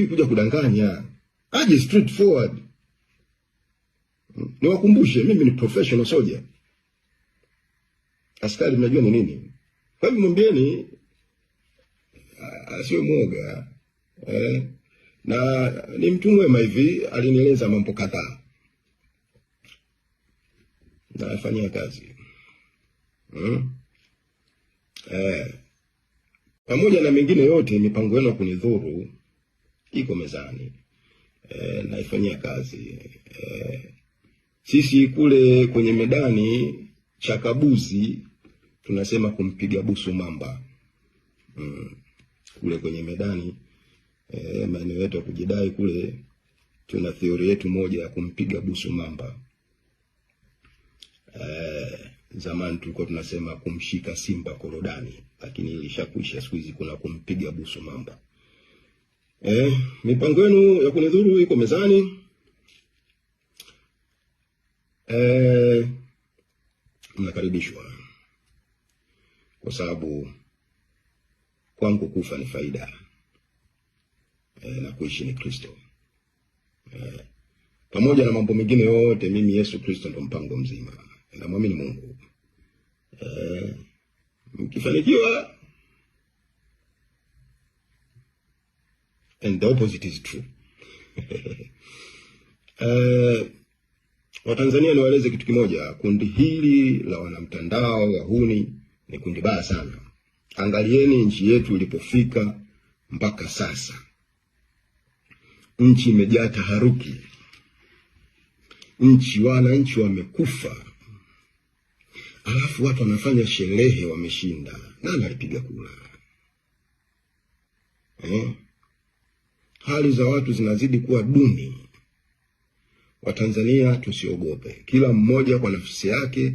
hatakiwi kuja kudanganya, aje straight forward. Niwakumbushe, mimi ni professional soldier, askari mnajua ni nini. Kwa hivyo mwambieni asiwe mwoga eh, na ni mtu mwema hivi, alinieleza mambo kadhaa nafanyia kazi hmm. Eh, pamoja na mengine yote mipango yenu ya kunidhuru iko mezani e, naifanyia kazi e, sisi kule kwenye medani chakabuzi tunasema kumpiga busu mamba mm. Kule kwenye medani e, maeneo yetu ya kujidai kule tuna theori yetu moja ya kumpiga busu mamba e, zamani tulikuwa tunasema kumshika simba korodani, lakini ilishakwisha. Siku hizi kuna kumpiga busu mamba. Eh, mipango yenu ya kunidhuru iko mezani. Eh, mnakaribishwa kwa sababu kwangu kufa ni faida eh, na kuishi ni Kristo eh, pamoja na mambo mengine yote, mimi Yesu Kristo ndo mpango mzima. Namwamini Mungu eh, mkifanikiwa and the opposite is true. Uh, Watanzania niwaeleze kitu kimoja, kundi hili la wanamtandao wahuni ni kundi baya sana. Angalieni nchi yetu ilipofika mpaka sasa, nchi imejaa taharuki, nchi wananchi wamekufa, alafu watu wanafanya sherehe, wameshinda. Nani alipiga kura eh? hali za watu zinazidi kuwa duni. Watanzania tusiogope, kila mmoja kwa nafsi yake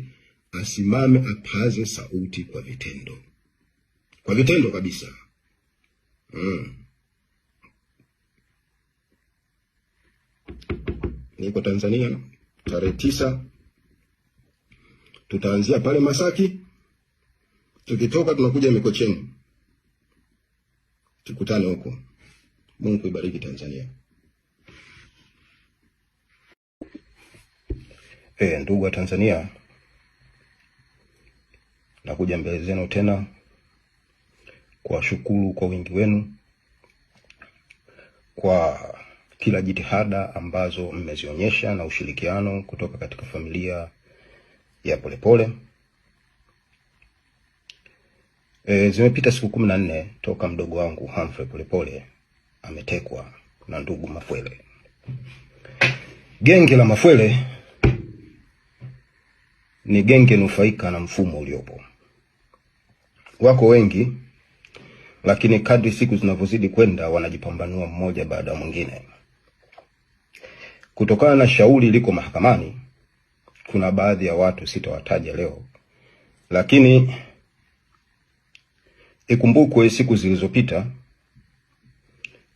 asimame, apaze sauti kwa vitendo, kwa vitendo kabisa mm. Niko Tanzania tarehe tisa, tutaanzia pale Masaki, tukitoka tunakuja Mikocheni, tukutane huko. Mungu ibariki Tanzania. E, ndugu wa Tanzania, nakuja mbele zenu tena kuwashukuru kwa wingi wenu kwa kila jitihada ambazo mmezionyesha na ushirikiano kutoka katika familia ya Polepole. E, zimepita siku kumi na nne toka mdogo wangu Humphrey Polepole ametekwa na ndugu Mafwele. Genge la Mafwele ni genge nufaika na mfumo uliopo. Wako wengi, lakini kadri siku zinavyozidi kwenda wanajipambanua mmoja baada ya mwingine. Kutokana na shauri liko mahakamani, kuna baadhi ya watu sitawataja leo, lakini ikumbukwe siku zilizopita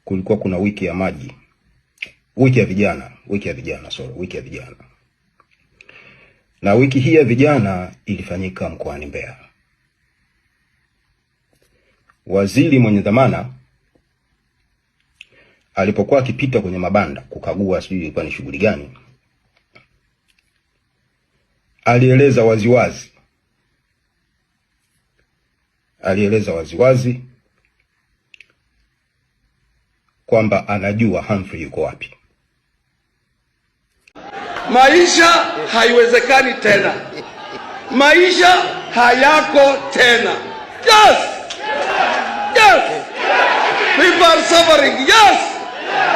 kulikuwa kuna wiki ya maji, wiki ya vijana, wiki ya vijana, sorry, wiki ya vijana. Na wiki hii ya vijana ilifanyika mkoani Mbeya. Waziri mwenye dhamana alipokuwa akipita kwenye mabanda kukagua, sijui ilikuwa ni shughuli gani, alieleza waziwazi alieleza waziwazi kwamba anajua Humphrey yuko wapi. Maisha haiwezekani tena, maisha hayako tena. Yes! Yes! People are suffering. Yes!